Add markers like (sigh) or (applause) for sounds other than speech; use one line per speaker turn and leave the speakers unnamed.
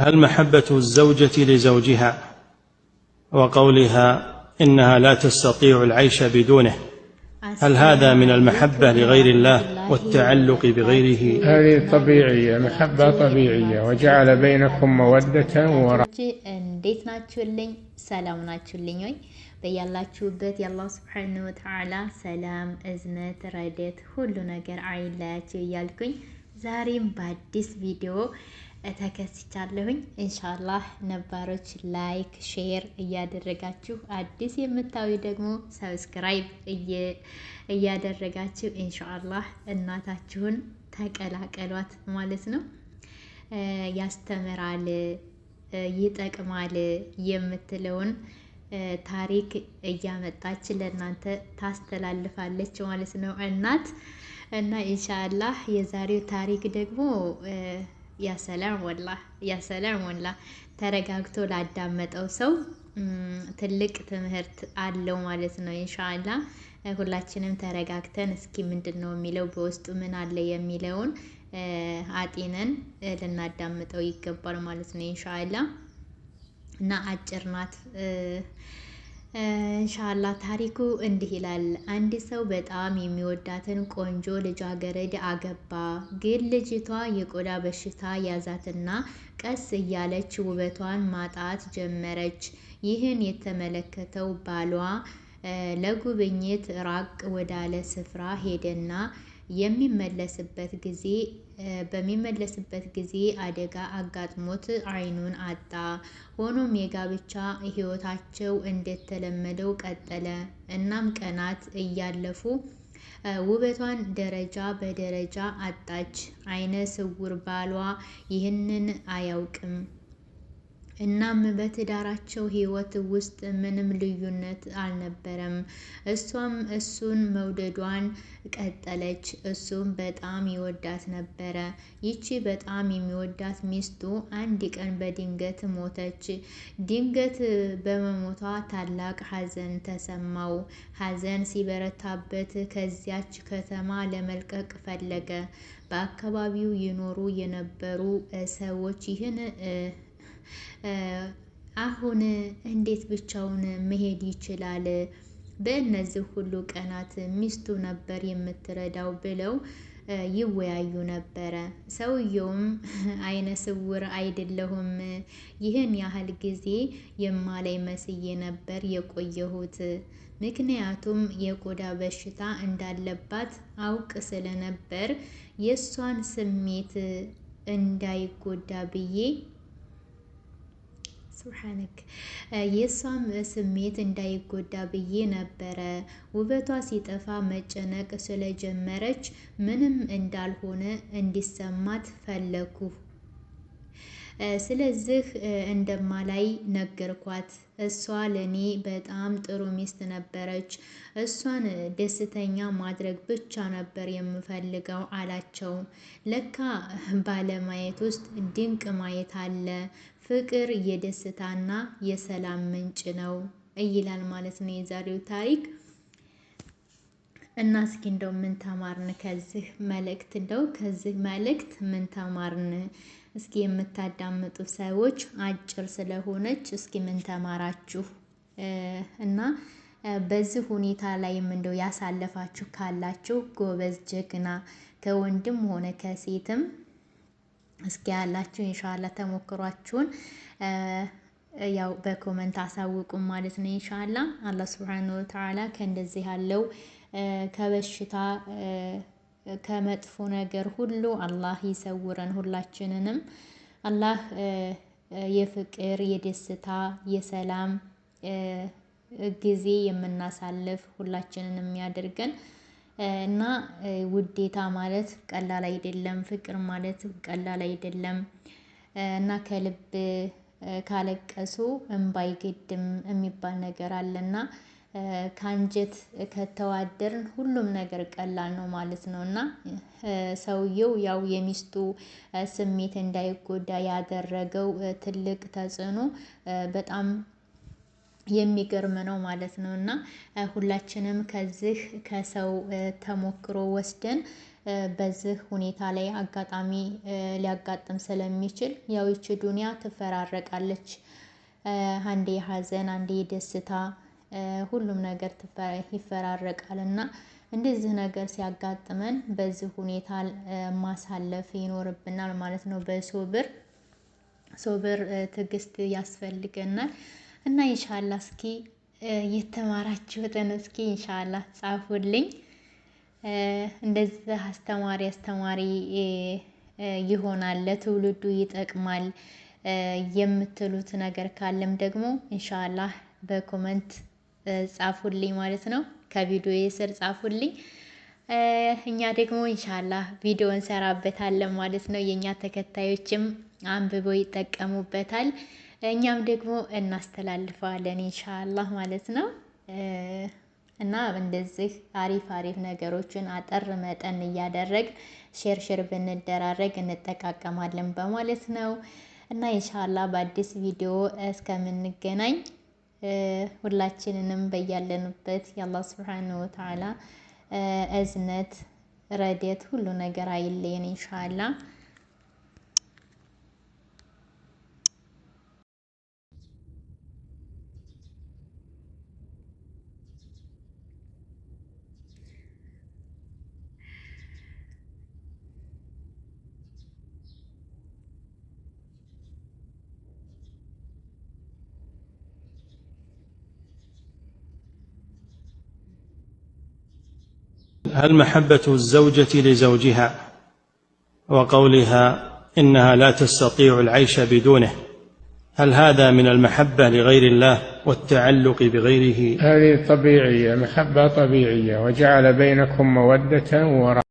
هل محبة الزوجة لزوجها وقولها إنها لا تستطيع العيش بدونه هل هذا من المحبة لغير الله والتعلق بغيره
هذه طبيعية محبة طبيعية وجعل بينكم مودة ورحمة
በያላችሁበት የአላህ ስብሓን ወተዓላ ሰላም፣ እዝነት፣ ረደት ሁሉ ነገር አይለያችሁ እያልኩኝ ዛሬም በአዲስ ቪዲዮ ተከስቻለሁኝ። ኢንሻላህ ነባሮች ላይክ ሼር እያደረጋችሁ አዲስ የምታዩ ደግሞ ሰብስክራይብ እያደረጋችሁ ኢንሻላህ እናታችሁን ተቀላቀሏት ማለት ነው። ያስተምራል፣ ይጠቅማል የምትለውን ታሪክ እያመጣች ለእናንተ ታስተላልፋለች ማለት ነው እናት እና ኢንሻላህ የዛሬው ታሪክ ደግሞ ያሰላም ወላ ያሰላም ወላ ተረጋግቶ ላዳመጠው ሰው ትልቅ ትምህርት አለው ማለት ነው። ኢንሻአላ ሁላችንም ተረጋግተን እስኪ ምንድን ነው የሚለው በውስጡ ምን አለ የሚለውን አጢነን ልናዳምጠው ይገባል ማለት ነው። ኢንሻአላ እና አጭር ናት። እንሻላ ታሪኩ እንዲህ ይላል። አንድ ሰው በጣም የሚወዳትን ቆንጆ ልጃገረድ አገባ። ግን ልጅቷ የቆዳ በሽታ ያዛትና ቀስ እያለች ውበቷን ማጣት ጀመረች። ይህን የተመለከተው ባሏ ለጉብኝት ራቅ ወዳለ ስፍራ ሄደና የሚመለስበት ጊዜ በሚመለስበት ጊዜ አደጋ አጋጥሞት አይኑን አጣ። ሆኖም የጋብቻ ሕይወታቸው እንደተለመደው ቀጠለ። እናም ቀናት እያለፉ ውበቷን ደረጃ በደረጃ አጣች። አይነ ስውር ባሏ ይህንን አያውቅም። እናም በትዳራቸው ህይወት ውስጥ ምንም ልዩነት አልነበረም። እሷም እሱን መውደዷን ቀጠለች። እሱም በጣም ይወዳት ነበረ። ይቺ በጣም የሚወዳት ሚስቱ አንድ ቀን በድንገት ሞተች። ድንገት በመሞቷ ታላቅ ሐዘን ተሰማው። ሐዘን ሲበረታበት ከዚያች ከተማ ለመልቀቅ ፈለገ። በአካባቢው ይኖሩ የነበሩ ሰዎች ይህን አሁን እንዴት ብቻውን መሄድ ይችላል? በእነዚህ ሁሉ ቀናት ሚስቱ ነበር የምትረዳው ብለው ይወያዩ ነበረ። ሰውየውም (laughs) አይነ ስውር አይደለሁም ይህን ያህል ጊዜ የማላይ መስዬ ነበር የቆየሁት ምክንያቱም የቆዳ በሽታ እንዳለባት አውቅ ስለነበር የእሷን ስሜት እንዳይጎዳ ብዬ ስብሓንክ የእሷም ስሜት እንዳይጎዳ ብዬ ነበረ። ውበቷ ሲጠፋ መጨነቅ ስለጀመረች ምንም እንዳልሆነ እንዲሰማት ፈለኩ። ስለዚህ እንደማላይ ነገርኳት። እሷ ለእኔ በጣም ጥሩ ሚስት ነበረች። እሷን ደስተኛ ማድረግ ብቻ ነበር የምፈልገው አላቸው። ለካ ባለማየት ውስጥ ድንቅ ማየት አለ። ፍቅር የደስታና የሰላም ምንጭ ነው ይላል ማለት ነው የዛሬው ታሪክ። እና እስኪ እንደው ምን ተማርን ከዚህ መልእክት? እንደው ከዚህ መልእክት ምን ተማርን? እስኪ የምታዳምጡ ሰዎች አጭር ስለሆነች እስኪ ምን ተማራችሁ? እና በዚህ ሁኔታ ላይም እንደው ያሳለፋችሁ ካላችሁ ጎበዝ፣ ጀግና ከወንድም ሆነ ከሴትም እስኪ ያላችሁ ኢንሻአላ ተሞክሯችሁን ያው በኮመንት አሳውቁም ማለት ነው። ኢንሻአላ አላህ ሱብሓነሁ ወተዓላ ከእንደዚህ ያለው ከበሽታ ከመጥፎ ነገር ሁሉ አላህ ይሰውረን ሁላችንንም። አላህ የፍቅር የደስታ የሰላም ጊዜ የምናሳልፍ ሁላችንንም ያድርገን። እና ውዴታ ማለት ቀላል አይደለም ፍቅር ማለት ቀላል አይደለም። እና ከልብ ካለቀሱ እምባ አይገድም የሚባል ነገር አለና ከአንጀት ከተዋደርን ሁሉም ነገር ቀላል ነው ማለት ነው። እና ሰውየው ያው የሚስቱ ስሜት እንዳይጎዳ ያደረገው ትልቅ ተጽዕኖ በጣም የሚገርም ነው ማለት ነው። እና ሁላችንም ከዚህ ከሰው ተሞክሮ ወስደን በዚህ ሁኔታ ላይ አጋጣሚ ሊያጋጥም ስለሚችል ያው ይቺ ትፈራረቃለች። አንዴ ሀዘን አንዴ ደስታ ሁሉም ነገር ይፈራረቃል። እና እንደዚህ ነገር ሲያጋጥመን በዚህ ሁኔታ ማሳለፍ ይኖርብናል ማለት ነው። በሶብር ሶብር ትዕግስት ያስፈልገናል እና ኢንሻአላ እስኪ የተማራችሁትን እስኪ ኢንሻአላ ጻፉልኝ። እንደዚህ አስተማሪ አስተማሪ ይሆናል፣ ለትውልዱ ይጠቅማል የምትሉት ነገር ካለም ደግሞ ኢንሻአላ በኮመንት ጻፉልኝ ማለት ነው። ከቪዲዮ የስር ጻፉልኝ። እኛ ደግሞ ኢንሻአላ ቪዲዮ እንሰራበታለን ማለት ነው። የእኛ ተከታዮችም አንብበው ይጠቀሙበታል። እኛም ደግሞ እናስተላልፈዋለን ኢንሻአላህ ማለት ነው። እና እንደዚህ አሪፍ አሪፍ ነገሮችን አጠር መጠን እያደረግ ሼር ሼር ብንደራረግ እንጠቃቀማለን በማለት ነው። እና ኢንሻአላህ በአዲስ ቪዲዮ እስከምንገናኝ ሁላችንንም በያለንበት የአላህ ስብሓነሁ ወተዓላ እዝነት፣ ረዴት ሁሉ ነገር አይለየን ኢንሻአላህ።
هل محبة الزوجة لزوجها وقولها إنها لا تستطيع العيش بدونه هل هذا من المحبة لغير الله والتعلق بغيره
هذه طبيعية محبة طبيعية وجعل بينكم مودة ورحمة